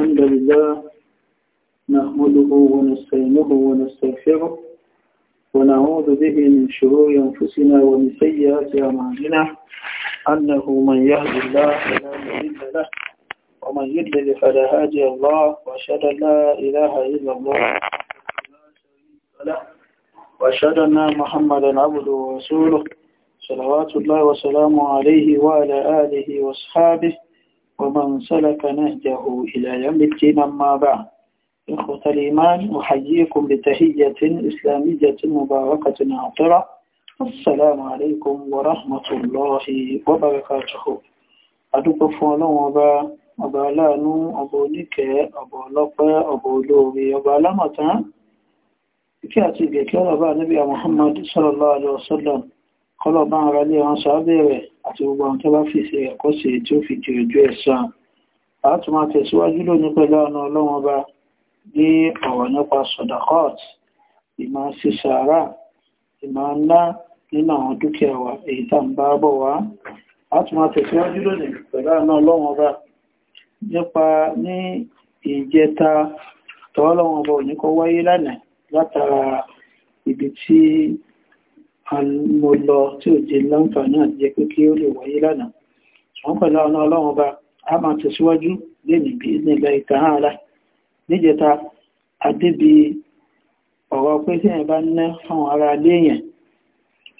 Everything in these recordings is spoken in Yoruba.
الحمد لله نحمده ونستعينه ونستغفره ونعوذ به من شرور أنفسنا ومن سيئات أعمالنا أنه من يهد الله فلا مضل له ومن يضلل فلا هادي الله وأشهد أن لا إله إلا الله له وأشهد أن محمدا عبده ورسوله صلوات الله وسلامه عليه وعلى آله وأصحابه ومن سلك نهجه إلى يوم الدين أما بعد إخوة الإيمان أحييكم بتهية إسلامية مباركة عطرة السلام عليكم ورحمة الله وبركاته أدوك فولو وبا أبالانو أبو نكا أبو لقا أبو لوغي أبالامتا كاتب يكلا نبي محمد صلى الله عليه وسلم قال ما عليه وصابيره àti gbogbo àwọn tó bá fi ṣe ẹ̀kọ́ṣe tí ó fi di ojú ẹ̀san a tún máa tẹ̀síwájú lónìí pẹ̀lú ọ̀nà ọlọ́wọ́n ọba ní ọ̀rọ̀ nípa sọ̀dọ̀kọ́t ìmọ̀ sí ìmọ̀ ńlá nínú àwọn dúkìá wa èyí tá ń bá bọ̀ wá a tún máa tẹ̀síwájú lónìí pẹ̀lú ọ̀nà ọlọ́wọ́n ọba nípa ní ìjẹta kan mo lọ tí ò jẹ láǹfààní àti jẹ pé kí ó lè wáyé lánàá ṣùgbọ́n pẹ̀lú ọ̀nà ọlọ́run ọba a máa tẹ̀síwájú lẹ́nìí bí nílẹ̀ ìtàn níjẹta adébí ọ̀rọ̀ pé tí ẹ̀ bá ná fáwọn ará léèyàn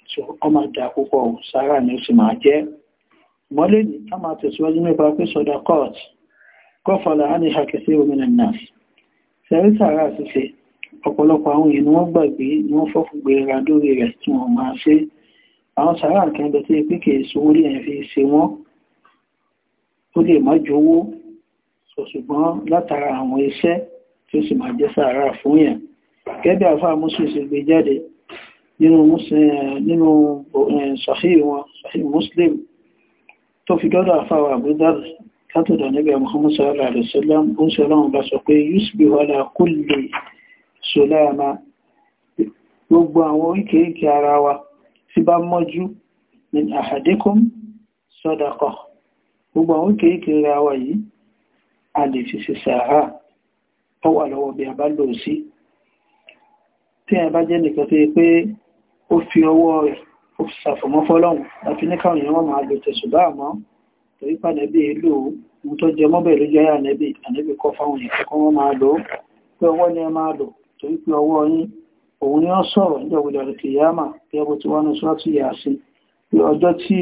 tí ó máa púpọ̀ sára ni ó sì máa jẹ́ mọ́lẹ̀ ní a máa tẹ̀síwájú nípa pé sọ́dà court kọ́fọ́lá á ní hakẹ́sí omi nà náà sẹ́rí sàárà ṣiṣẹ́ ọ̀pọ̀lọpọ̀ àwọn èèyàn ni wọ́n gbàgbé ni wọ́n fọ́fún gbèrera lórí rẹ̀ tí wọ́n máa ṣe àwọn sàárà kan bẹ tí pé kìí sówó lè fi ṣe wọ́n ó lè má jówó ṣùgbọ́n látara àwọn iṣẹ́ tí ó sì máa jẹ́ sàárà fún yẹn gẹ́gẹ́ àfá muslim sì gbé jáde nínú eh, sahih wọn sahih muslim tó fi dọ́dọ̀ àfá wa àbúdár látọ̀dọ̀ nígbà muhammad sallallahu alaihi wasallam ó ń sọ ọlọ́run bá sọ pé yusuf wala kulli sọlẹ́ẹ̀má gbogbo àwọn oríkèríkè ara wa tí bá mọ́jú ní àhàdékùn sọ́dakọ̀ gbogbo àwọn oríkèríkè ara wa yìí a lè fi ṣe sàárà ọ wà lọ́wọ́ bí a bá lò sí tí a bá jẹ́ nìkan tó yẹ pé ó fi ọwọ́ rẹ̀ ó sàfọ̀mọ́ fọ́lọ́hùn láti ní káwọn èèyàn wọ́n máa lò torí pé ọwọ́ yín òun ni wọ́n sọ̀rọ̀ níjọ̀gbọ̀dọ̀ àlùkìyàmà bí ẹbù tí wọ́n ń sọ́ sí yàásí pé ọjọ́ tí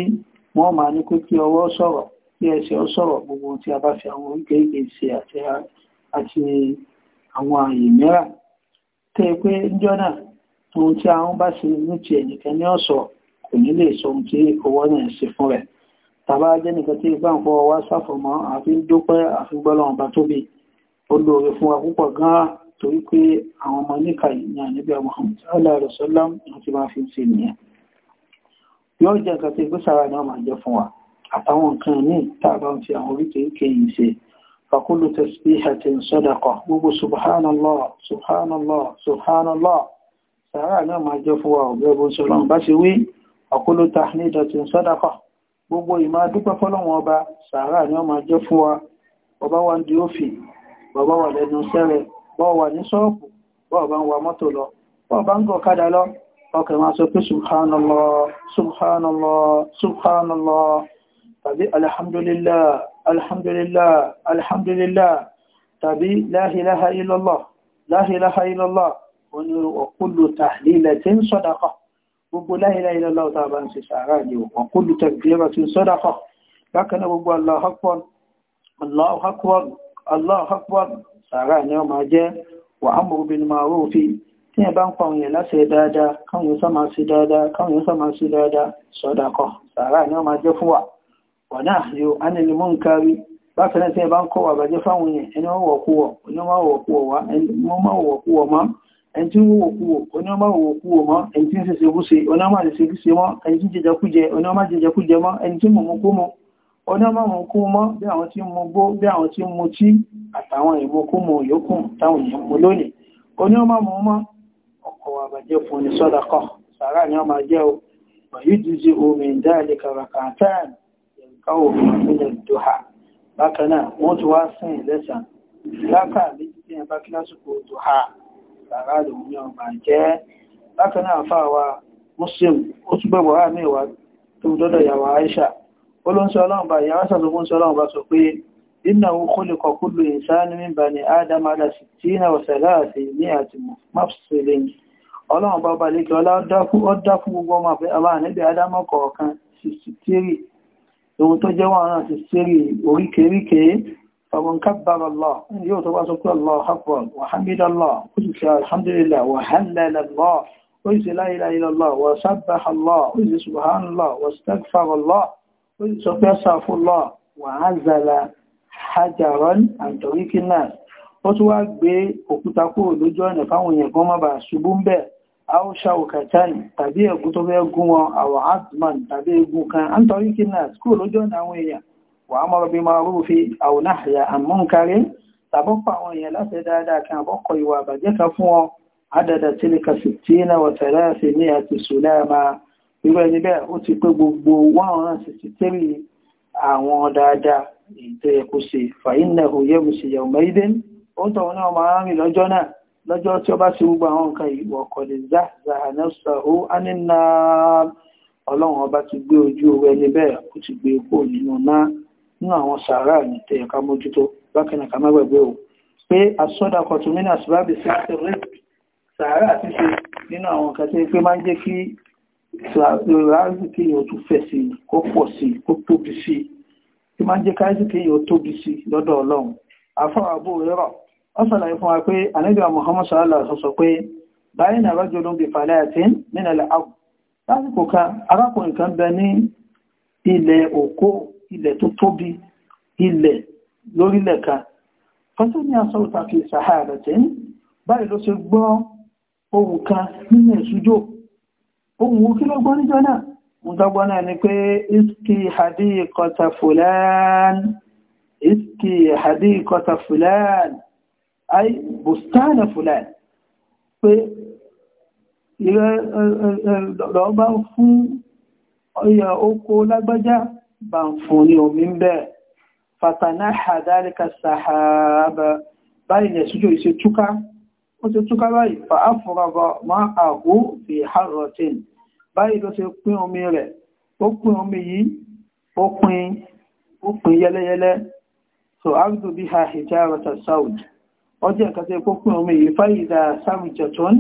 wọ́n máa ní pé kí ọwọ́ sọ̀rọ̀ kí ẹsẹ̀ ọ sọ̀rọ̀ gbogbo tí a bá fi àwọn oríkèéríkèé ṣe àti àwọn ààyè mìíràn tẹ́ pé ohun tí àwọn bá ṣe ní ti ẹnìkan ní ọ̀sọ̀ kò torí pé àwọn ọmọ níkà yìí ní àníbí Muhammad aláàrọ̀sọ́lám àti máa fi ń ṣe nìyẹn yóò jẹ́ nǹkan tí gbésára náà máa jẹ́ fún wa àtàwọn nǹkan ní tàbá ń fi àwọn oríkèéríkè yìí ṣe fakulu tasbihatin sadaqa gbogbo subhanallah subhanallah subhanallah sàárà náà máa jẹ́ fún wa ọ̀gbẹ́ bó ṣe lọ́n bá ṣe wí fakulu wọ́n wà ní ṣọ́ọ̀pù wọ́n bá ń wa mọ́tò lọ wọ́n bá ń gọ̀ kádà lọ ọkẹ̀ máa sọ pé subhanallah subhanallah subhanallah tàbí alhamdulillah alhamdulillah alhamdulillah tàbí la ilaha illallah la ilaha illallah onírú ọkùlù tahlilatin sadaqah gbogbo la ilaha illallah ọ̀tà bá ń ṣe sàárà ní ọkùlù takbiratin sàárà ni ó máa jẹ́ wà á mọ̀rú bínú máa róòfì tí ẹ bá ń pàwọn èèyàn láti ẹ̀ dáadáa káwọn èèyàn sọ́mà sí dáadáa káwọn èèyàn sọ́mà sí dáadáa sọ́dà kọ sàárà ni ó máa jẹ́ fún wa wà náà yóò á nílùú mú nǹkan rí bákan náà tí ẹ bá ń kọ́ wà bàjẹ́ fáwọn èèyàn ẹni wọ́n wọ̀kú wọ̀ oní wọ́n wọ̀kú wọ̀ wá ẹni wọ́n máa wọ̀kú wọ̀ mọ́ ẹni tí ń wọ̀kú wọ̀ oní wọ́n máa wọ̀kú wọ̀ mọ́ ẹni tí ń ṣe ṣe kúṣe oní wọ́n máa ṣe ṣe kúṣe mọ́ ẹni tí ń jẹjẹkújẹ oní wọ́n máa jẹjẹkújẹ mọ́ ẹni tí mọ̀mọ́kú mọ́ onímọ̀mọ̀ kú mọ́ bí àwọn tí mú gbó bí àwọn tí mú tí àtàwọn ìmọ̀kúmọ̀ yókùn táwọn èèyàn mú lónìí onímọ̀mọ̀ mọ́ ọkọ̀ àbàjẹ́ fún ní sọ́dà kan sàárà ni ọmọ jẹ́ o pẹ̀lú jíjí omi ìdáàlẹ̀ kàràkàtàn ẹ̀ka òfin nílẹ̀ dọ́hà bákan náà wọ́n ti wá sìn lẹ́sàn lákà muslim ó túbọ̀ wà mẹ́wàá tó olóńṣọ́ ọlọ́run bá ìyá wáṣà tó kún ṣọ́ ọlọ́run bá sọ pé innahu khuliqa kullu insani min bani adam ala sittina wa salasi ní àti mafsilin ọlọ́run bá balẹ̀ kí ọlá ọdá fún gbogbo ọmọ àfẹ́ àwọn àníbẹ̀ adámọ́ kọ̀ọ̀kan 63 ohun tó jẹ́ 163 oríkèríkèé فمن كبر الله يوت واسك الله أكبر وحمد الله قلت الحمد لله وهلل الله قلت لا إله إلا الله وسبح الله قلت سبحان الله واستغفر الله ó sọ pé ṣàfúnlọ́ wàhánzàlà hajjaron antorikina ó tún wá gbé òkúta kúrò lójú ọ̀nà fáwọn èèyàn kan má bàa ṣubú ń bẹ̀ aosha okatan tàbí ẹ̀gún tó fẹ́ gún wọn àwọn asman tàbí egun kan antorikina kúrò lójú ọ̀nà àwọn èèyàn wàá mọ̀rọ̀ bí máa rúfi àwọn àyà àmúnkárí tàbọ́pọ̀ àwọn èèyàn láti dáadáa kan àbọ́kọ̀ ìwà àbàjẹ́ kan fún wọn adada tilka sittina wa thalathimi'ati sulama irú ẹni bẹ́ẹ̀ ó ti pé gbogbo 163 àwọn dáadáa ètò ẹ̀kú sí fàyínà òyẹ́bù sí yàmẹ́dẹ́ ó tọ̀wọ́n náà máa ń rìn lọ́jọ́ náà lọ́jọ́ tí ó bá sí gbogbo àwọn nǹkan ìwọ̀ kọ̀dẹ̀ záhànáṣàó ánínà ọlọ́run ọba ti gbé ojú owó ẹni bẹ́ẹ̀ ó ti gbé epo nínú náà nínú àwọn sàárà nìtẹ̀ ẹ̀ka mójútó bákan ẹ̀ka mẹ́gbẹ̀gbé o láàrínkì yóò tún fẹ̀ sí kó pọ̀ sí kó tóbi sí kí máa jẹ́ káàkiri yóò tóbi sí lọ́dọ̀ ọlọ́run afọ́wà bó rẹ́rọ̀ ó sàlàyé fún wa pé àníbà Muhammad sallallahu alaihi wasallam pé báyìí náà rájọ ló ń bi falayatin nínú ilẹ̀ àwọ̀ lásìkò kan arákùnrin kan bẹ ní ilẹ̀ òkó ilẹ̀ tó tóbi ilẹ̀ lórílẹ̀ kan fọ́tún ní asọ́rùtàkì sahara báyìí ló ṣe gbọ́ ohun kan nínú ìsújò ohun kí ló gbọ́ níjọ́ náà mú tọ́gbọ́ náà ni pé iski hadiqata fulan iski hadiqata fulan ay bustana fulan pé lọ́ọ́bá fún ọyà oko lágbájá bá ń fún ní omi ń bẹ́ fatana hadarika sahaba báyìí ẹ̀sùjò ìṣẹ́ túká ó ti túká báyìí fa áfúrọ̀bọ̀ mọ́ àgó fi harrotin báyìí ló ti pín omi rẹ̀ ó pín omi yìí ó pín ó pín yẹlẹyẹlẹ so ardu bí ha hijarata saud ọjọ́ nǹkan tí ó pín omi yìí fáyìdá sáwìjọtún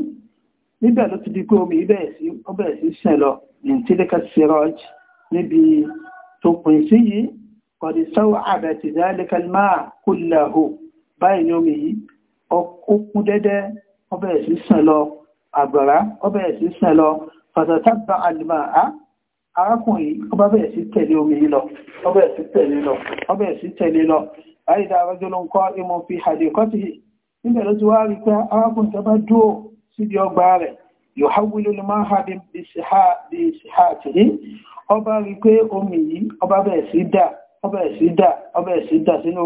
níbẹ̀ ló ti di pé omi ibẹ̀ sí sẹ̀ sí yìí ọkú dẹ́dẹ́ ọbẹ̀ sí sàn lọ àgbàrá ọbẹ̀ sí sàn lọ ọba bẹ̀rẹ̀ sí omi lọ ọba sí tẹ̀lé lọ ọba sí tẹ̀lé lọ àìdá arájọ́ ló ń kọ́ ìmọ̀ fi hàdè kọ́tì níbẹ̀ ti wá rí pé arákùnrin tó bá dúró síbi ọgbà rẹ̀ yóò ló máa ń ọba rí pé omi yìí ọba bẹ̀rẹ̀ sí dà dà dà sínú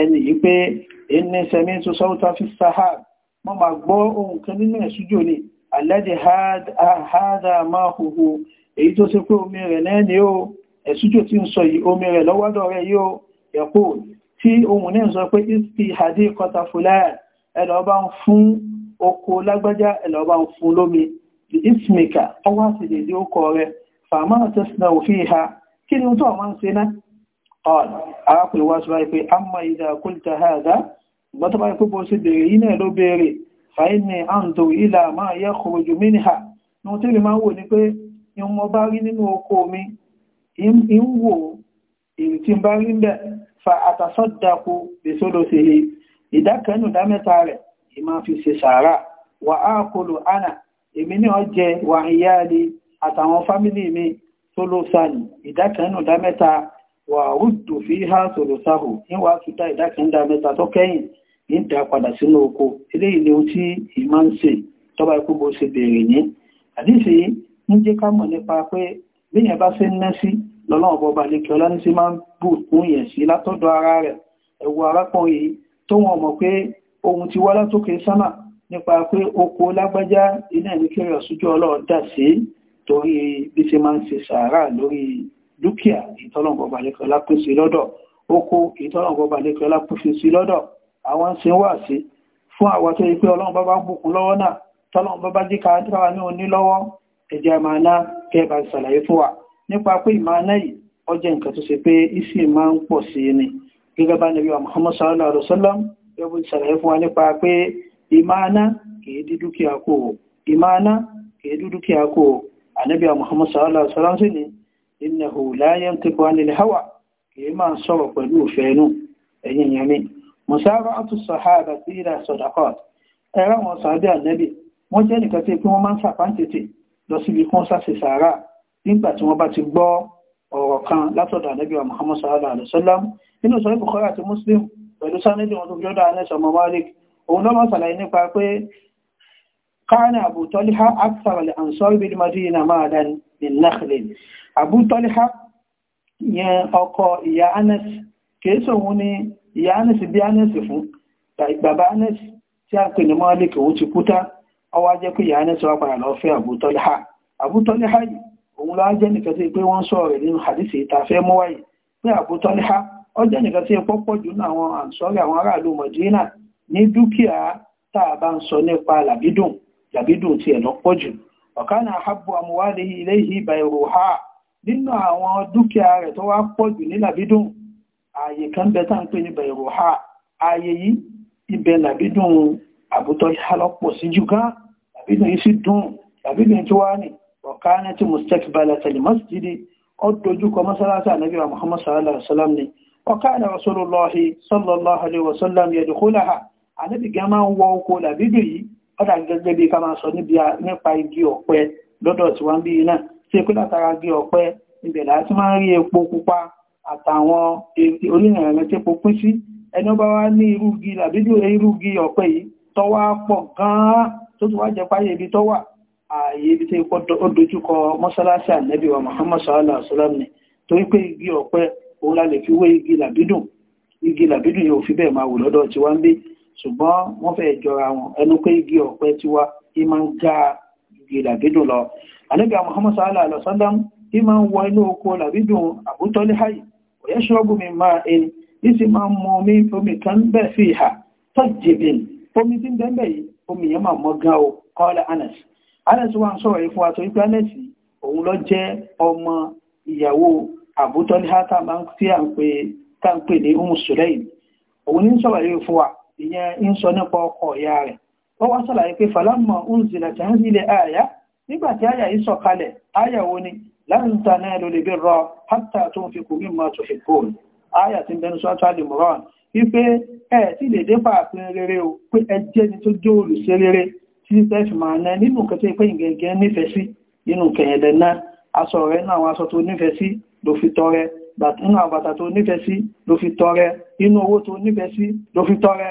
ẹni yìí pé ẹni sẹ́mi tó sọ́wọ́ta fi sahab mọ́ ma gbọ́ ohun kan nínú ẹ̀sùjò ni alẹ́dì hádà máa hùhù èyí tó ṣe pé omi rẹ̀ náà ni ó ẹ̀sùjò tí ń sọ yìí omi rẹ̀ lọ́wọ́dọ̀ rẹ̀ yóò ẹ̀kọ́ tí ohun náà sọ pé isti hadi kọta fúláà ẹlọ́ba قال أعقل واسبعي في أما إذا قلت هذا بطبع يكبو سدري إنا لو بيري فإني أنظر إلى ما يخرج منها نوتيري ما هو نكوي يوم مباري ننو قومي إن هو إن تنباري مبا فأتصدق بثلثه إذا كانوا دامتاري إما في سسارة وأعقل أنا èmi ní ọjẹ́ wà ìyá rí àtàwọn fámílì mi tó wà rúdù fi ha sọ̀rọ̀ sáhù níwà tútà ìdákẹ́ndà mẹ́ta tó kẹ́yìn ní ìdá padà sínú oko eléyìí ni ohun tí ìmá ń ṣe tọ́ba ikú bó ṣe bèèrè ní àdíṣe ń jẹ́ ká mọ̀ nípa pé bíyàn bá ṣe ń ná sí lọ́lọ́wọ́ bọba lẹ́kẹ́ ọlá ara rẹ̀ ẹ̀wù yìí tó wọn mọ̀ pé ohun ti wá látòkè sánà nípa pé oko lágbájá iná ọlọ́ọ̀dà sí torí bí ṣe máa ń ṣe sàárà dúkìá ìtọ́lọ̀gbọ̀bà lẹ́kọ̀ọ́ lápèsè lọ́dọ̀ oko ìtọ́lọ̀gbọ̀bà lẹ́kọ̀ọ́ lápèsè lọ́dọ̀ àwọn ṣe wà sí fún àwọn tó yí pé ọlọ́run bábá bùkún lọ́wọ́ náà tọ́lọ́run bábá jí ká dára ní oní lọ́wọ́ ẹ̀jẹ̀ àmàna kẹba ni gẹ́gẹ́ bá nàbí Muhammad sallallahu alaihi wasallam yọbù ìsàlàyé fún wa nípa pé ìmàna kìí dí dúkìá kò ìmàna kìí dí dúkìá sallallahu alaihi wasallam ni innahu la yantiqu anil hawa kìí máa ń sọ̀rọ̀ pẹ̀lú òfẹ́nu ẹ̀yìn yẹn mi musaro atu sahaba sí ìlà sọ̀dàkọ́t ẹ̀rọ wọn sàbí ànẹ́bì wọ́n jẹ́ nìkan tí pé wọ́n máa ń sàpáǹtètè lọ síbi kún sáṣe sàárà nígbà tí wọ́n bá ti gbọ́ ọ̀rọ̀ kan látọ̀dọ̀ ànẹ́bì wa muhammad sallallahu alaihi wasallam nínú sọ ibùkọ́rẹ́ àti madina máa dání min nakhlin Abu Talha yẹn ọkọ ìyá Anas kèésò òun ni ìyá Anas bí Anas fún bàbá Anas tí a pè ní Malik òun ti kúta ọwá jẹ́ pé ìyá Anas wá padà lọ fẹ́ Abu Talha Abu Talha yìí òun lọ jẹ́ nìkan tí pé wọ́n sọ rẹ̀ nínú hadisi ìtafẹ́ mọ́wáyì pé Abu Talha ó jẹ́ nìkan tí pọ́pọ̀ ọ̀kánà àhábù àmúwádìí ilé ìhì bàìròhá nínú àwọn dúkìá rẹ̀ tó wá pọ̀jù ní làbídùn ààyè kan bẹ tá ń pè ní bàìròhá ààyè yìí ibẹ̀ làbídùn àbútọ́ ìhálọ́pọ̀ sí jù gan làbídùn yìí sì dùn làbídùn tí wá ní ọ̀kánà tí mustek balatali masjidi ó dojúkọ mọ́sálásí ànábì wa muhammad sallallahu alaihi wasallam ni ọ̀kánà rasulullahi sallallahu alaihi wasallam yadkhulaha ànábì gan máa ń wọ oko làbídùn yìí ọ̀dà gẹ́gẹ́ bí ká máa sọ nípa igi ọ̀pẹ lọ́dọ̀ tí wọ́n bí tí pé látara igi ọ̀pẹ ibẹ̀ láti máa ń rí epo pupa àtàwọn orílẹ̀ rẹ̀ tí epo pín sí ẹni ó wá ní irú igi irú igi ọ̀pẹ yìí pọ̀ gan-an tó tún wá jẹ páyé ibi wa igi ọ̀pẹ òun la lè fi igi làbídùn igi làbídùn yóò fi bẹ́ẹ̀ máa wù lọ́dọ̀ ṣùgbọ́n wọ́n fẹ́ jọra wọn ẹnu pé igi ọ̀pẹ tiwa ìmọ̀ ń ga igi làbídò lọ ànábì Muhammad sallallahu alaihi wasallam ìmọ̀ ń wọ inú oko làbídò àbútọ́lé háyì òyẹ́ ṣọ́gbù mi máa ẹni ní sì máa ń mọ omi omi kan bẹ́ fi ìhà tọ́jìbìn omi tí ń bẹ́ẹ̀ yìí omi yẹn máa mọ́ gan o kọ́lá Anas Anas wa ń sọ̀rọ̀ ìfún àtọ́ ìpé Anas òun lọ jẹ́ ọmọ ìyàwó àbútọ́lé hátà máa tí à ń pè ní Umu Sulaim òun ní sọ̀rọ̀ yìí ìyẹn ń sọ nípa ọkọ ìyá rẹ̀ ó wá sọ̀làyé pé falamma unzilat hadhihi al-aya nígbà tí àyà yìí sọ̀kalẹ̀ àyà wo ni lan tanalu hatta tunfiqu mimma tuhibbun àyà tí ń bẹnu sọ́tọ́ al-Imran wípé ẹ̀ tí ni tó jó olùṣe rere tí tẹ́ fi máa ná nínú nǹkan tó pé ìgẹ̀gẹ̀ nífẹ̀ẹ́ sí nínú kẹ̀yẹ̀lẹ̀ náà aṣọ rẹ̀ náà àwọn aṣọ tó owó tó nífẹ̀ẹ́ sí ló fi tọrẹ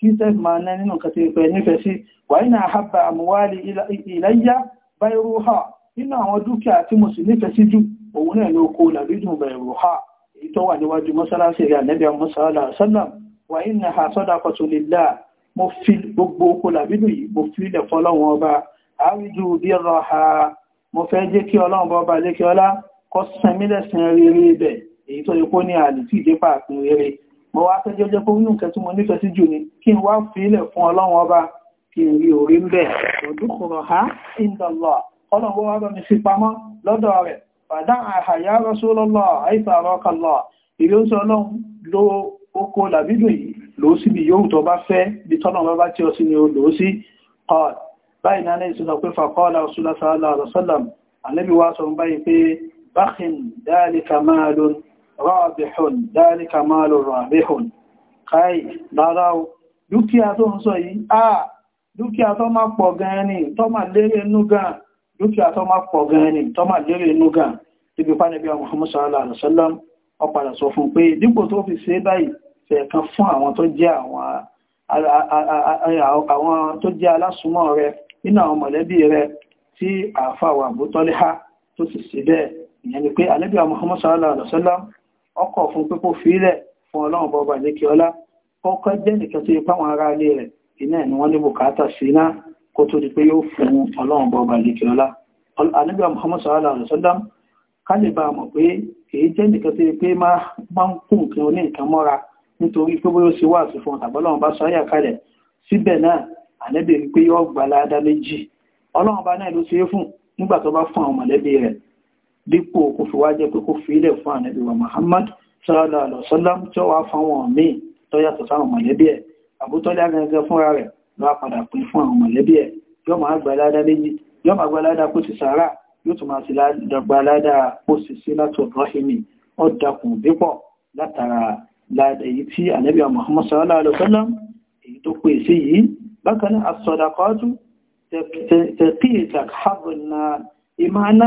tí sẹ́f máa ná nínú kàtí ìpẹ́ nífẹ̀ẹ́ sí wàí náà hábà àmúwálì ìlẹ́yà báyìí ha nínú àwọn dúkìá tí mo sì nífẹ̀ẹ́ sí jù òun náà ló kó làbídùn bẹ̀rù ha èyí tó wà níwájú mọ́sálásí rẹ̀ nẹ́bẹ̀ mọ́sálà sálàm wàí náà ha sọ́dà kọtù lílá mo fi gbogbo oko làbídùn yìí mo fi ilẹ̀ fọlọ́wọ́n èyí tó yẹ ní àlè tí ìdípa àpín rere mo wá fẹ́ jẹ́jẹ́ pé inú nǹkan tí mo nífẹ̀ẹ́ sí jù ni kí n wá fílẹ̀ fún ọlọ́run ọba kí n rí orí ń bẹ̀ ọdúnkùnrọ̀ ha ìdọ̀lọ̀ ọlọ́run wá bá mi fi pamọ́ lọ́dọ̀ rẹ̀ bàdá àhàyà rọ́sọ́lọ́lọ́ àìsàrọ́kọlọ́ ìlú ń sọ ọlọ́run ló oko làbídùn yìí lò ó síbi yóò tó bá fẹ́ bí tọ́nà bá rábìhùn dáríkà máa lò rábìhùn káì lára o dúkìá tó ń sọ yìí à dúkìá tó máa pọ̀ gan ni tó máa lérè inú gan dúkìá tó máa pọ̀ gan ni tó máa lérè inú gan ibi pánibí Muhammad sallallahu alaihi wasallam ó padà sọ fún pé dípò tó fi ṣe báyìí fẹ̀ẹ̀kan fún àwọn tó jẹ́ àwọn tó jẹ́ alásùmọ̀ rẹ nínú ìyẹn ni pé alẹ́bíà Muhammad sallallahu ọkọ̀ fún pípò fílẹ̀ fún ọlọ́run bọba lékè ọlá kọ́kọ́ jẹ́ nìkan tó yẹ páwọn ará ilé rẹ̀ iná ẹ̀ ni wọ́n ní bùkátà sí iná kó tó di pé yóò fún ọlọ́run bọba lékè ọlá anábíà muhammad sallallahu alaihi wa sallam ká lè bá mọ̀ pé èyí jẹ́ nìkan tó yẹ pé máa ń kún nǹkan oní nǹkan mọ́ra nítorí pé bóyá ó ṣe wá sí fún àbọ́lọ́run bá sọ ayà kalẹ̀ síbẹ̀ náà ànábì pé yóò gbà ládá méjì ọlọ́run bá náà ló ṣe é fún nígbà tó bá fún àwọn mọ̀lẹ́bí rẹ̀ dípò kò fi wá jẹ́ pé kò fi ilẹ̀ fún ànábì wa Muhammad sallallahu alaihi wasallam tí ó wá fáwọn míì tó yàtọ̀ sáwọn mọ̀lẹ́bí ẹ̀ àbútọ́lá gẹ́gẹ́ fúnra rẹ̀ ló padà pín fún àwọn mọ̀lẹ́bí ẹ̀ yóò máa gba ládá méjì yóò máa gba ládá kó ti sàárà yóò tún máa ti gba ládá kó sì sí látò rọ́hìnì ó dakùn bípọ̀ látara ládá èyí tí ànábì wa Muhammad sallallahu alaihi wasallam èyí tó pè sí yìí bákan náà as-sadaqatu taqi zakhab na imana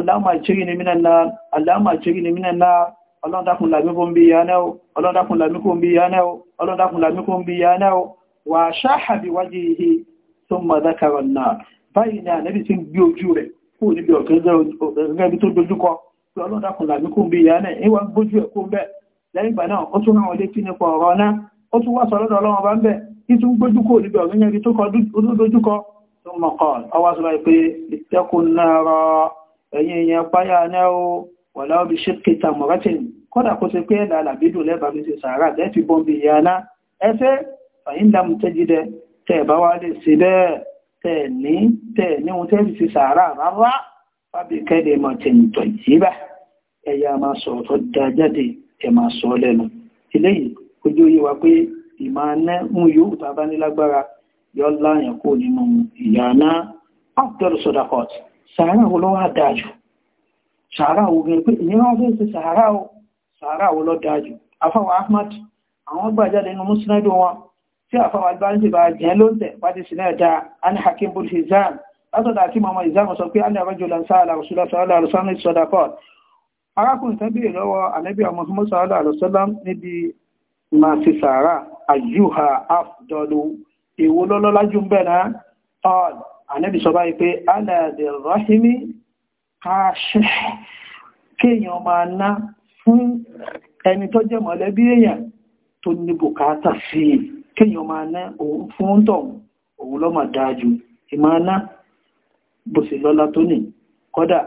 Allahumma ajirni minan nar Allahumma ajirni minan nar ọlọ́run dákun làmí kó ń bí ìyá náà ọlọ́run dákun làmí kó ń bí ìyá náà ọlọ́run dákun làmí kó ń bí ìyá náà wà ṣáhà bí wájú ihe tó mọ̀ dákàrọ̀ náà báyìí ni ànẹ́bí ti ń gbé ojú rẹ̀ kó níbi ọ̀gẹ́gẹ́ tó dojúkọ pé ọlọ́run dákun làmí kó ń bí ìyá náà ìwà gbójú ẹ̀ ń bẹ̀ lẹ́yìn ìgbà náà ó tún ráwọn létí nípa ọ̀rọ̀ náà ó tún wá sọ̀rọ̀ ọlọ́run bá ń bẹ̀ kí tún gbójú níbi ọ̀gẹ́gẹ́ tó kọ́ ọwá sọ pé ẹ̀yin èèyàn páyà náà o wọ̀lá obi ṣe kìtà mọ̀rẹ́tìn kọ́dà kó ti pé ẹ̀dà àlàbídùn lẹ́bàá fi ṣe sàárà lẹ́fi bọ́m̀bì ìyáná ẹfẹ́ fàyíndàmù tẹ́jìdẹ tẹ́ bá wá lè ṣe bẹ́ẹ̀ tẹ́ ní tẹ́ ní ohun tẹ́fi ṣe sàárà rárá fábí kẹ́lẹ̀ mọ̀ tẹ̀ ń tọ̀ yìí bá ẹ̀yà máa sọ sàárà wo lọ́wọ́ dájú sàárà wo gẹn pé ìyẹn wá fẹ́ sí sàárà wo sàárà wo lọ́ dájú afáwà ahmad àwọn gbàjáde inú musnadu wọn tí afáwà albáńsì bá jẹ́ ló ń tẹ̀ pàdé sí náà dáa an hakim bul hizam látọ̀dá tí mama hizam sọ pé an yàrá jùlọ sáàlà rasulá sáàlà rasulá sọdá kọ́ arákùnrin tán ànẹ́bì sọ báyìí pé aláàdẹ̀ rọ́hìmí káṣẹ́ kéèyàn máa ná fún ẹni tó jẹ́ mọ̀lẹ́bí èèyàn tó ní bùkátà sí kéèyàn máa ná òun fún tọ̀hún òun lọ́mọ̀ dájú ìmáná bó sì lọ́lá tó nì kọ́dà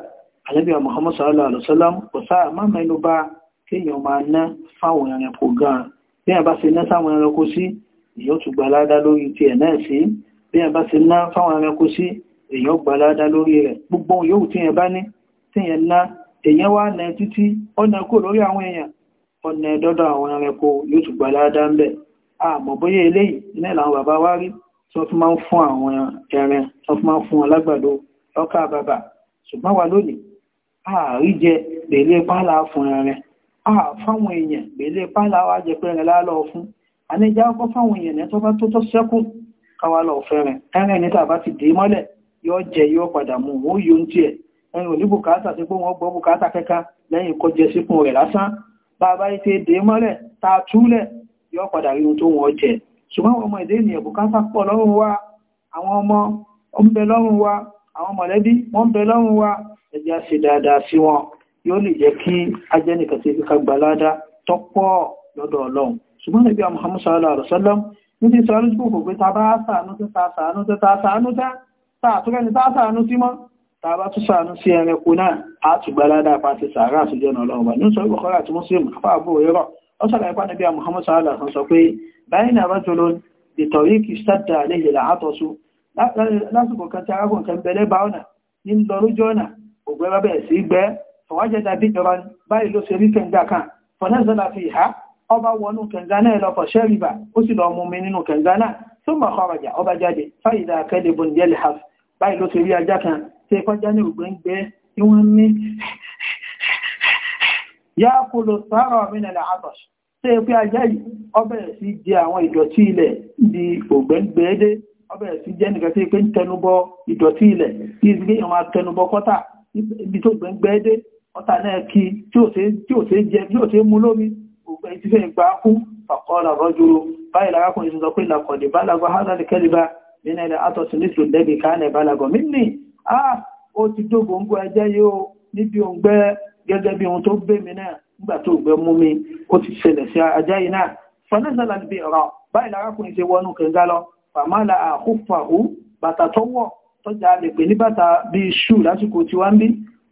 ànẹ́bì Muhammad sallallahu alaihi wasallam kò sáà má bí ẹ bá ti ná fáwọn ẹranko sí èèyàn gbalada lórí rẹ̀ gbogbo yòówù tí ẹ bá ní tí ẹ ná èèyàn wá nà títí ọ̀nà kò lórí àwọn èèyàn ọ̀nà ẹ̀dọ́dọ̀ àwọn ẹranko yóò tún gbalada ń bẹ̀ àmọ́ bóyá eléyìí iná ìlànà bàbá wá rí tí wọ́n fi máa ń fún àwọn ẹran tí wọ́n fi máa ń fún wọn lágbàdo káwá lọ fẹ́rẹ̀ ẹ̀rìn níta bá ti dé mọ́lẹ̀ yóò jẹ yóò padà mú òun yóò ń tiẹ̀ ẹ̀rìn ò ní bùkátà sí pé wọ́n gbọ́ bùkátà kẹ́kà lẹ́yìn kọjẹ rẹ̀ lásán bá a bá dé mọ́lẹ̀ ta túlẹ̀ yóò padà rí ohun tó wọ́n jẹ ṣùgbọ́n ọmọ ènìyàn bùkátà wa àwọn ọmọ ń bẹ lọ́rùn wa àwọn mọ̀lẹ́bí wọ́n ń bẹ lọ́rùn wa níbi sọ ní ṣùgbò pé ta bá sàánú tí ta sàánú tí ta sàánú tá tààtúrẹ́ ni ta sàánú sí mọ́ ta bá tún sàánú sí ẹranko náà a ti gbalada pa ti sàárà àtijọ́ ọ̀nà ọlọ́run bá ní sọ ìbọ̀kọ́rà tí muslim Muhammad sallallahu alaihi wasallam sọ pé báyìí náà bá jọlọ ìtọ̀rí kì sádà àléhì làátọ̀sù lásìkò kan tí arákùn kan bẹ̀lẹ́ bá ọ̀nà ní lọ lójú ọ̀nà ògbẹ́ bá bẹ̀rẹ̀ sí gbẹ́ fọwájẹ́ dàbí ìjọba ọba wọnú kẹ̀ǹgá náà lọ́kọ̀ ṣẹ́rìbà ó sì lọ mú mi nínú kẹ̀ǹgá náà tó mọ̀ kọ́rọ̀jà ọba jáde fáyìdá akẹ́lẹ̀ bondel haf báyìí ló ti rí ajá kan tí kọjá ní ògbé ń gbé ní wọ́n ní yá kúlò sáárọ̀ mínàlẹ̀ àtọ̀ṣ tí ó pé ajá yìí ọbẹ̀ sí jẹ àwọn ìdọ̀tí ilẹ̀ di ògbé ń gbé dé ọbẹ̀ sí jẹ́ nìkan tí pé ń tẹnubọ ìdọ̀tí ilẹ̀ kí ìsìnkú àwọn atẹnubọ kọ́tà ibi tó gbé ń gbé dé ọ̀tà náà kí tí ò ṣe jẹ tí ò ṣe mú lómi ẹ̀tí fẹ́ ìgbà kú fàkọ́lá rọ́jú báyìí lárákùnrin ti sọ pé làkọ̀dé bálagọ́ hádàlì kẹ́lìbá nínú ilẹ̀ atọ́sùn ní ìṣòlù lẹ́bì káàlẹ̀ bálagọ́ mí ní à ó ti dógò ń gbọ́ ẹjẹ́ yóò níbi òǹgbẹ́ gẹ́gẹ́ bí ohun tó gbé mi náà nígbà tó gbẹ mú mi ó ti ṣẹlẹ̀ sí ajá yìí náà fọ́nẹ́sàlà níbi ọ̀rọ̀ báyìí lárákùnrin ti wọnú kẹngá lọ fàmálà àkúfàhù bàtà tó wọ̀ tọ́jà lè pè ní bàtà bíi ṣù lásìkò tí wá ń bí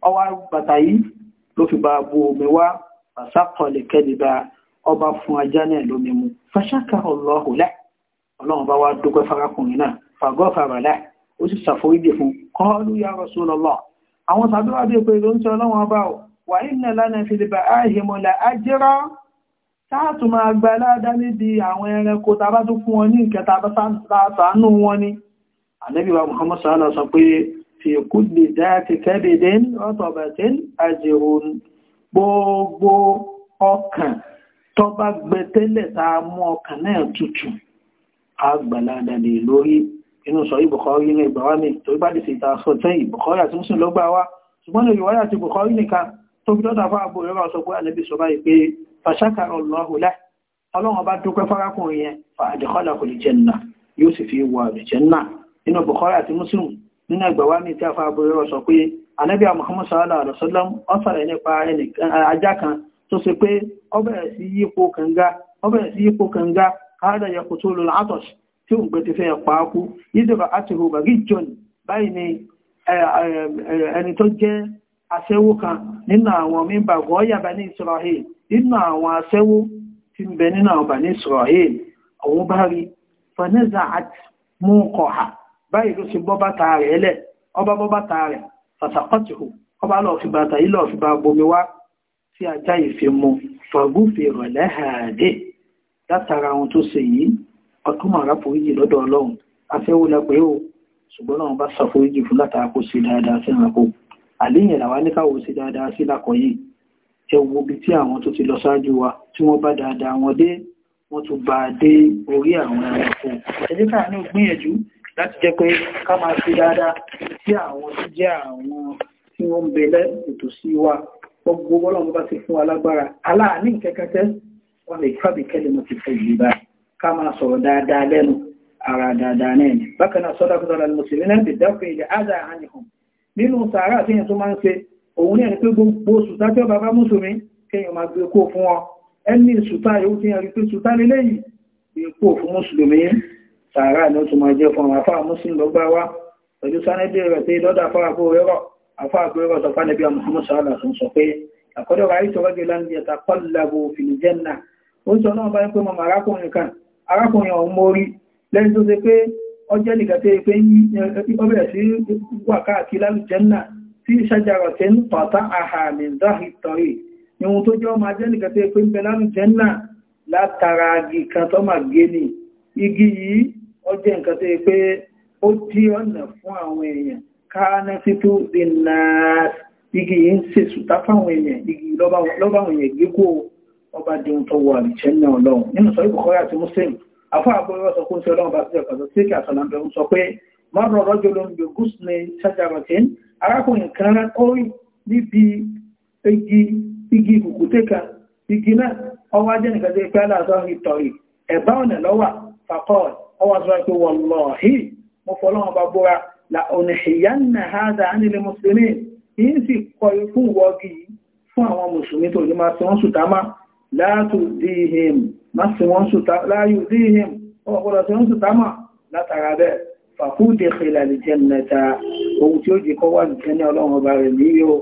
ọwá bàtà yìí ló fi bá bu omi wá pàṣàkọ̀lẹ̀kẹ́lẹ̀ bá ọba fún ajá náà lómi mu fàṣàkà ọlọ́hùn láì ọlọ́run bá wá dúpẹ́ farakùnrin náà fàgọ́fàrà láì ó sì ṣàforíjì fún kọ́ọ̀lù ya Rasulullah àwọn sàdúrà bí pé ló ń tẹ ọlọ́run ọba ò wà inna lánà fìlìbà àìhìmọ̀lá àjẹrọ táàtù máa gba aládá níbi àwọn ẹranko tàbá tó fún wọn ní ìkẹta sàánú wọn ni ànẹ́bíwá Muhammad sallá sọ pé fi kulli dáàtì kẹ́bẹ̀dẹ́ rọ́tọ̀bẹ̀tẹ́ àjẹrò gbogbo ọkàn tó bá gbẹ tẹ́lẹ̀ tá a mú ọkàn náà tutù a gbàládà lè lórí inú sọ Bukhari ní ìgbàwá mi tó bá dìsí ìta sọ tẹ́ Bukhari àti Muslim ló gbà wá ṣùgbọ́n lè yíwáyà ti Bukhari nìkan tó fi dọ́dà fún àbò ìrọ́rọ̀ sọ pé àlẹ́bí sọ báyìí pé fàṣákàrọ̀ lọ́hùlá ọlọ́run bá dúpẹ́ fárákùnrin yẹn fa àdìkọ́lá kò lè jẹ́ nà yóò sì fi wọ àrùjẹ́ nà nínú Bukhari àti Muslim nínú ìgbàwá mi tí a fa àbò ìrọ́rọ̀ sọ pé àlẹ́bí Muhammad sallallahu alaihi wasallam ọ tó ṣe pé esi sí yípo kànga ọbẹ̀rẹ̀ sí yípo kànga hádà yẹkù tó lọ látọ̀ṣ tí òun gbẹ̀tẹ̀ fẹ́ pàákú yídọ̀bà àti john báyìí ni ẹni tó jẹ́ aṣẹ́wó kan nínú àwọn mímbà gọ́ọ̀yà bani Israel nínú àwọn aṣẹ́wó tí ń bá ọba wá tí ajá ìfimú fàgúfè rọ̀lẹ́ àdé látara ohun tó ṣe yìí ọdún àrà foríjì lọ́dọ̀ ọlọ́run afẹ́wò lápẹ́ o ṣùgbọ́n náà bá ṣàforíjì fún látara kó ṣe dáadáa sí ìrànkó àléyìn làwa ní káwò ṣe dáadáa sí lákọ̀ yìí ẹ wo ibi tí àwọn tó ti lọ ṣáájú wa tí wọ́n bá dáadáa wọn dé wọ́n tún bá a dé orí àwọn ẹranko ẹ jẹ́ káà ní gbìyànjú láti jẹ́ pé ká máa ṣe dáadáa sí àwọn tó jẹ́ àwọn tí wọ́n ń bẹ lẹ́tòsí wa gbogbo bọ́lọ́run bá ti fún alágbára aláàní kẹ́kẹ́kẹ́ wọ́n lè fábí kẹ́lẹ̀ mọ́ ti fẹ́ yìí bá ká máa sọ̀rọ̀ dáadáa lẹ́nu ara dáadáa náà ni bákan náà sọ́dọ̀ fún ọ̀dọ̀ mùsùlùmí náà ti dákun ilẹ̀ ádá àníhàn nínú sàárà tí yẹn tó máa ń ṣe òun ní ẹni pé gbogbo sùtá tí ó bàbá mùsùlùmí kéèyàn máa gbé ni ó tún máa jẹ́ fún àwọn afáà mùsùlùmí lọ́gbà wa pẹ̀lú afọ́ àgbẹ̀rẹ̀ ọ̀sọ̀ fánàbí Muhammad sọ́lá sọ sọ pé àkọ́dọ̀ ráyí tó rẹ́gbẹ̀ láti yẹta kọ́lábò fìlìjẹ́nà ó sọ náà báyìí pé mọ arákùnrin kan arákùnrin ọ̀hún mórí lẹ́yìn tó ṣe pé ọjẹ́ nìkan tó pé ọbẹ̀ sí wà káàkiri lálùjẹ́nà tí ìṣàjàrọ̀ tẹ́ ń tọ̀tà àhàmì záhì tọ̀rì ìhun tó jẹ́ ọmọ ajẹ́ nìkan tó pé ń bẹ lálùjẹ́nà látara igi kan tó mà gé ni igi yìí ọjẹ́ nǹkan tó pé ó dí ọ̀nà fún àwọn káánẹ́ títú dínà igi yìí ń se sùtá fáwọn èèyàn igi lọ́bàwọn èèyàn gígó ọba di ohun tó wọ àrìṣẹ́ náà lọ́wọ́ nínú sọ ìbùkọ́ àti muslim afọ́ àgbọ́yọ́ sọ kó ń se ọlọ́run bá sí ẹ̀kọ́ tó tíkì àtọ̀lá bẹ̀rù sọ pé mọ́rọ̀ rọ́jò ló ń bẹ gúúsù ní ṣájàrọ̀tín arákùnrin kan ó rí níbi igi igi kùkùté kan igi náà ọwọ́ ajé nìkan sí pé aláàtọ́ rí tọ̀rí ẹ̀bá ọ̀nà lọ́wà fàkọ́ ọwọ́ sọ pé wọ́n lọ́ọ̀hí mo fọlọ́run bá bóra لأنحين هذا عن المسلمين إن في قيفون وقي فهو مسلمين تقول ما سوان ستاما لا تؤذيهم ما سوان ستاما لا يؤذيهم وقال سوان ستاما لا تغابر فقود خلال الجنة ohun tí ó jẹ kọ́ wà nìkan ní ọlọ́run ọba rẹ̀ ní yóò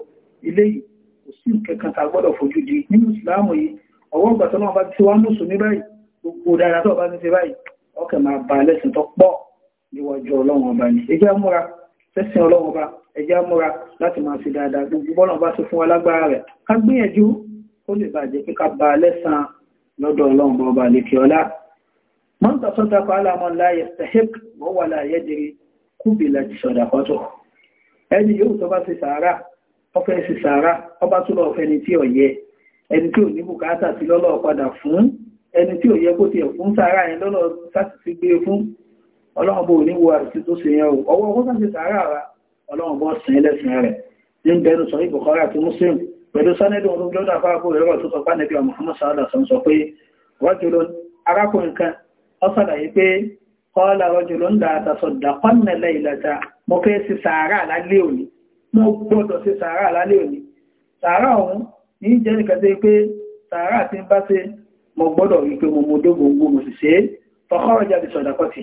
ilé yìí kò sí nǹkan tá gbọ́dọ̀ fojú di nínú ìsìláàmù yìí ọwọ́ ìgbà tọ́lọ́run bá ti wá mùsùlùmí báyìí gbogbo dáadáa tó bá ti ṣe báyìí ọkẹ̀ máa ba lẹ́sìn tó pọ̀ níwájú ọlọ́run ọba ni ẹ jẹ́ á múra sẹ́sìn ọlọ́run ọba ẹ jẹ́ á múra láti máa ṣe dáadáa gbogbo bọ́lọ̀ bá ṣe fún wa lágbára rẹ̀ ká gbìyànjú ó lè bàjẹ́ pé ká ba lẹ́sàn lọ́dọ̀ ọlọ́run ọba lèkè ọlá man tasaddaqa ala man la yastahiq wa huwa la yadri kubilat sadaqatuhu ẹni yóò tó bá ṣe sàárà ọfẹ́ ṣe sàárà ọba tó lọ ọfẹ́ ni tí ọ̀yẹ ẹni tí ò ní bùkátà sí lọ́lọ́ padà fún ẹni tí ò yẹ kó tiẹ̀ fún sàárà yẹn lọ́lọ́ sásìsì gbé fún ọlọ́run bó ní wo àrùsí tó ṣe yẹn o ọwọ́ ọgbọ́n sáà ti sàárà ara ọlọ́run bó sin ẹlẹ́sìn rẹ̀ ní bẹnu sọ ìbùkọ́rà àti muslim pẹ̀lú sánẹ́dùn ọdún lọ́dọ̀ àfáàbò ẹ̀rọ tó sọ pá nẹ́bí ọmọ ọmọ sáàdà sọ sọ pé rọ́jùlọ arákùnrin kan ọ sàlàyé pé kọ́ọ́lá rọ́jùlọ ń dáadáa sọ dàpọ́nà lẹ́ìlàta mo fẹ́ sí sàárà lálẹ́ òní mo gbọ́dọ̀ sí sàárà lálẹ́ òní sàárà ọ̀hún ní jẹ́ nìkan mo gbọ́dọ̀ rí pé mo sì ṣe é fọkọ́rọ̀ jáde sọ̀dàkọ́tì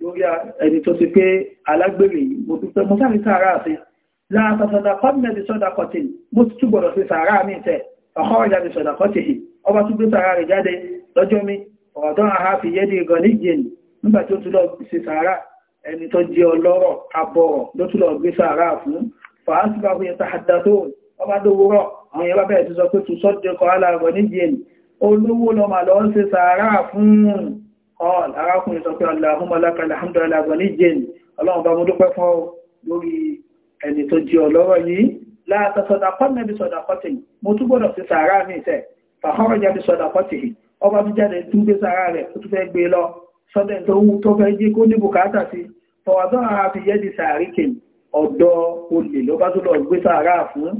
lórí ẹni tó ti pé alágbèrè mo dúpẹ́ mo sáré sàárà sí láàtàtàtà kọ́mìnẹ̀tì sọ́dà kọ́tì mo ti túbọ̀ lọ sí sàárà mi tẹ̀ ọkọ̀ ìjáde sọ́dà kọ́tì yìí ọba tún gbé sàárà rẹ̀ jáde lọ́jọ́ mi ọ̀dọ́ àhá fi yẹ́ di ìgàn níjìn nígbà tí ó tún lọ sí sàárà ẹni tó jẹ́ ọlọ́rọ̀ abọ̀rọ̀ ló tún lọ gbé sàárà fún fàásùbà fún yẹta àdàtò ọba dówúrọ̀ àwọn yẹn bá bẹ̀rẹ̀ ti sọ pé tún sọ́dẹ̀kọ̀ alárọ̀ níjìn olówó lọ mà lọ قال أراكم يتوقع اللهم لك الحمد على غني اللهم بمدوك فهو lórí ẹni tó jí ọlọ́rọ̀ yìí láàtọ̀ sọ̀dàkọ́nà bí sọ̀dàkọ́tì mo tún gbọ́dọ̀ sí sàárà mi tẹ̀ fàkọ́rọ̀ jẹ́ bí sọ̀dàkọ́tì ọba tó jáde tún gbé sàárà rẹ̀ tó tún fẹ́ gbé lọ sọ́dẹ̀ tó wú tó fẹ́ jí kó ní bùkátà sí fọwọ́dọ́ ara fi yẹ́ di sàárì kì ọ̀dọ́ olè ló bá tó lọ gbé sàárà fún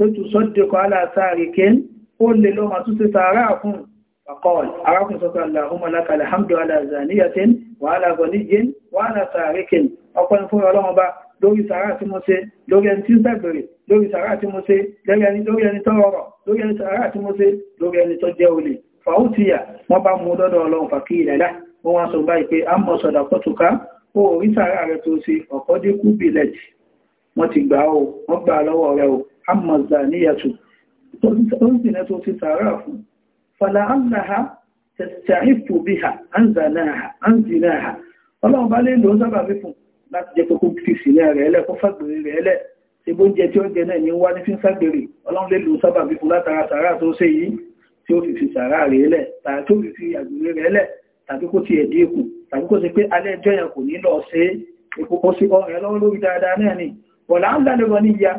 tó tù sọ́dẹ̀kọ́ aláàtàrí kẹ́n ó lè lọ́mà tó ti sàárà fún àkọọ̀l arákùn sọ́kọ̀ aláhùnmọ́ lákàlẹ̀ hamdu aláàzàníyàtín wà aláàgọ́níyìn wà aláàtàrí kẹ́n ọpọ̀ ìfún ọlọ́mọba lórí sàárà tí mo ṣe lórí ẹni tí ń bẹ̀bẹ̀rẹ̀ lórí sàárà tí mo ṣe lórí wọ́n ti gbà ó wọ́n gbà lọ́wọ́ rẹ̀ ó àmàzà níyàtò tó ń sinẹ́ tó ti sàárà fún fàlà àmàha tẹ̀síàìfò bí ha àǹzìnáà ọlọ́run bá lè lọ sábà fi fún láti jẹ́ kókó fi sílẹ̀ rẹ̀ ẹlẹ́ kó fàgbèrè rẹ̀ ẹlẹ́ tí bó ń jẹ tí ó jẹ náà ní wá ní fi ń fàgbèrè ọlọ́run lè lọ sábà fi fún látara sàárà tó ṣe yìí tí ó fi ẹlẹ́ tàbí tó ẹlẹ́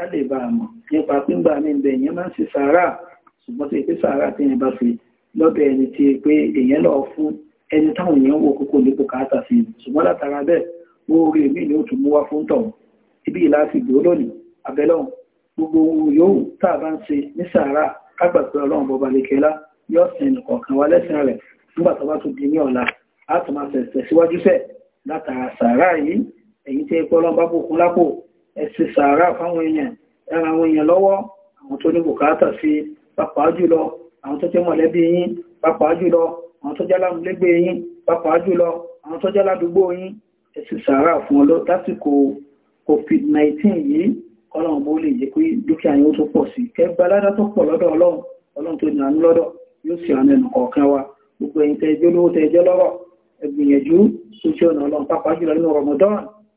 ká lè bá a mọ̀ nípa pínpà ní ibẹ̀ èèyàn máa ń ṣe sàárà ṣùgbọ́n tó yẹ pé sàárà tí èèyàn bá ṣe lọ́dọ̀ ẹni tí yẹ pé èèyàn lọ fún ẹni táwọn èèyàn wò kókó nípò káàtà sí i ṣùgbọ́n látara bẹ́ẹ̀ oore mi ni ó tún mú wá fún tọ̀hún ibi ìlà ti dúró lónìí abẹ́lọ́hùn gbogbo ohun yòówù tá a bá ń ṣe ní sàárà kágbà pé ọlọ́run bọba lèkẹ́lá yóò sin ẹnìkọ̀ọ̀kan wa lẹ́sìn rẹ̀ nígbà tó bá tún di ní ọ̀la á tún máa tẹ̀síwájú fẹ̀ látara sàárà yìí èyí tẹ́ pé ọlọ́run bá bùkún lápò ẹ ṣe sàárà fáwọn èèyàn ẹ ran àwọn èèyàn lọ́wọ́ àwọn tó ní bùkátà sí pàápàá jùlọ àwọn tó jẹ́ mọ̀lẹ́bí yín pàápàá jùlọ àwọn tó jẹ́ lámúlégbé yín pàápàá àwọn tó jẹ́ yín ẹ ṣe fún ọ lásìkò covid-19 yìí ọlọ́run bó lè jẹ́ pé dúkìá yín ó tó pọ̀ sí kẹgbẹ́ aládá tó pọ̀ lọ́dọ̀ ọlọ́run ọlọ́run tó ní àánú lọ́dọ̀ yóò sì àánú ẹnu kọ̀ọ̀kan wa Ramadan